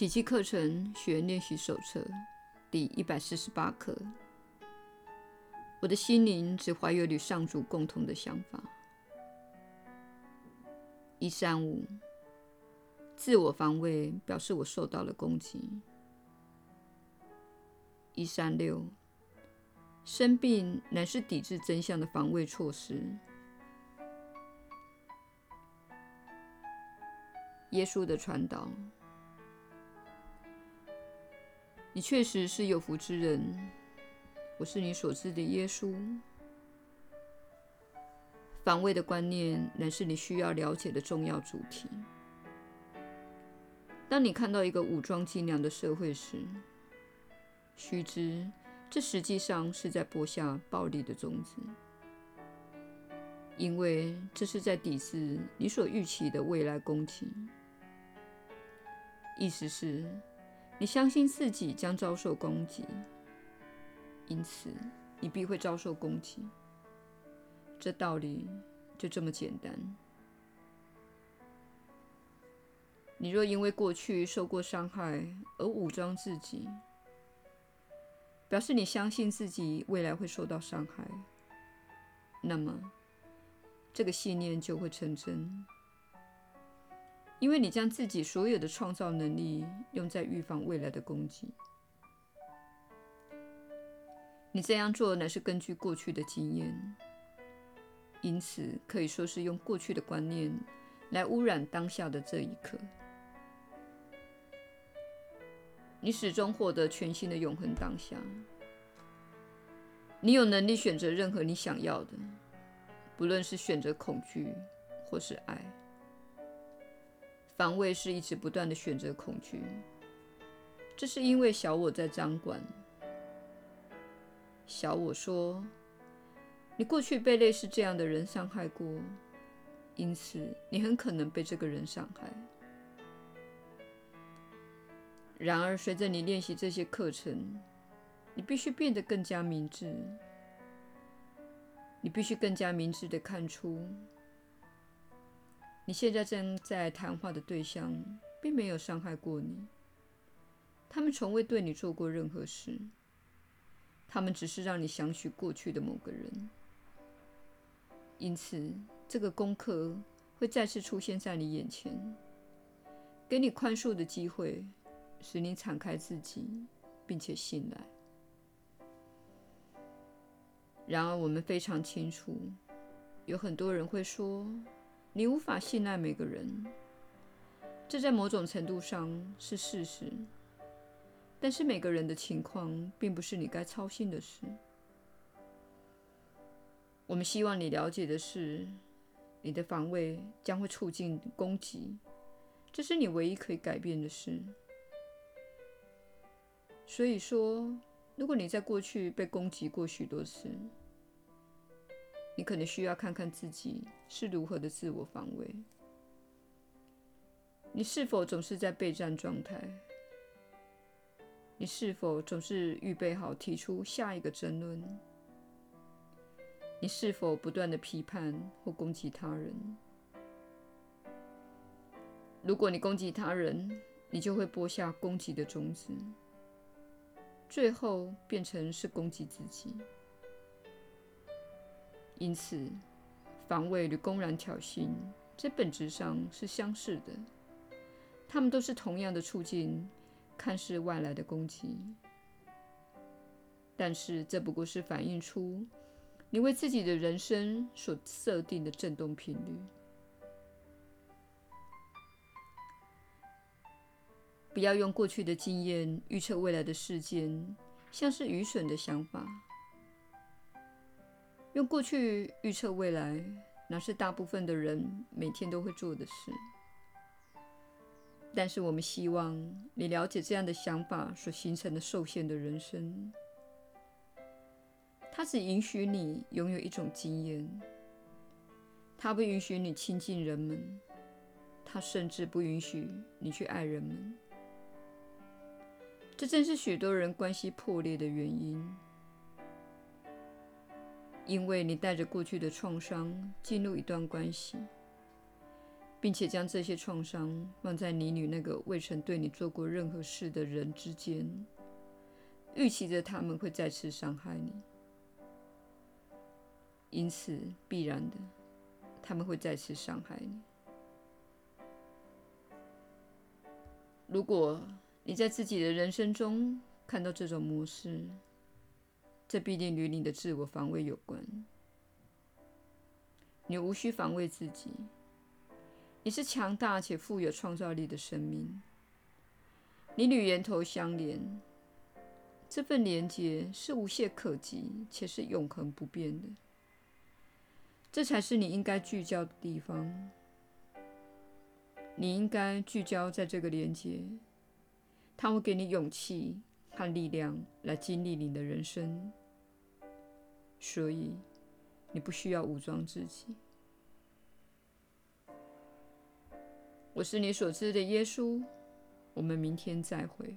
奇蹟課程學練習手冊第一百四十八課。我的心靈只懷有與上主共同的想法。一三五，自我防衛表示我受到了攻擊。一三六，生病乃是抵制真相的防衛措施。耶穌的傳導。你確實是有福之人，我是你所知的耶穌。防衛的觀念，乃是你需要了解的重要主題。當你看到一個武裝精良的社會時，須知這實際上是在播下暴力的種子，因為這是在抵禦你所預期的未來攻擊。意思是，你相信自己將遭受攻擊，因此你必會遭受攻擊。這道理就這麼簡單。你若因為過去受過傷害而武裝自己，表示你相信自己未來會受到傷害，那麼這個信念就會成真。因為你將自己所有的創造能力用在預防未來的攻擊，你這樣做乃是根據過去的經驗，因此可以說是用過去的觀念來污染當下的這一刻。你始終獲得全新的永恆當下。你有能力選擇任何你想要的，不論是選擇恐懼或是愛。防衛是一直不斷地選擇恐懼，這是因為小我在掌管。小我說：“你過去被類似這樣的人傷害過，因此你很可能被這個人傷害。”然而，隨着你練習這些課程，你必須變得更加明智。你必須更加明智地看出。你現在正在談話的對象，並沒有傷害過你。他們從未對你做過任何事。他們只是讓你想起過去的某個人，因此這個功課會再次出現在你眼前，給你寬恕的機會，使你敞開自己，並且信賴。然而，我們非常清楚，有很多人會說。你無法信賴每個人，這在某種程度上是事實。但是每個人的情況並不是你該操心的事。我們希望你了解的是，你的防衛將會促進攻擊，這是你唯一可以改變的事。所以說，如果你在過去被攻擊過許多次，你可能需要看看自己是如何的自我防衛。你是否總是在備戰狀態？你是否總是預備好提出下一個爭論？你是否不斷的批判或攻擊他人？如果你攻擊他人，你就會播下攻擊的種子，最後變成是攻擊自己。因此，防衛與公然挑釁在本質上是相似的，它們都是同樣的處境，看似外來的攻擊。但是，這不過是反映出你為自己的人生所設定的震動頻率。不要用過去的經驗預測未來的事件，像是愚蠢的想法。用過去預測未來，那是大部分的人每天都會做的事。但是我們希望你了解這樣的想法所形成的受限的人生。它只允許你擁有一種經驗，它不允許你親近人們，它甚至不允許你去愛人們。這正是許多人關係破裂的原因。因為你帶着過去的創傷進入一段關係，並且將這些創傷放在你與那個未曾對你做過任何事的人之間，預期着他們會再次傷害你。因此必然的，他們會再次傷害你。如果你在自己的人生中看到這種模式，這必定與你的自我防衛有關。你無需防衛自己，你是強大且富有創造力的生命。你與源頭相連，這份連接是無懈可擊且是永恆不變的。這才是你應該聚焦的地方。你應該聚焦在這個連接，它會給你勇氣和力量來經歷你的人生。所以，你不需要武裝自己。我是你所知的耶穌，我們明天再會。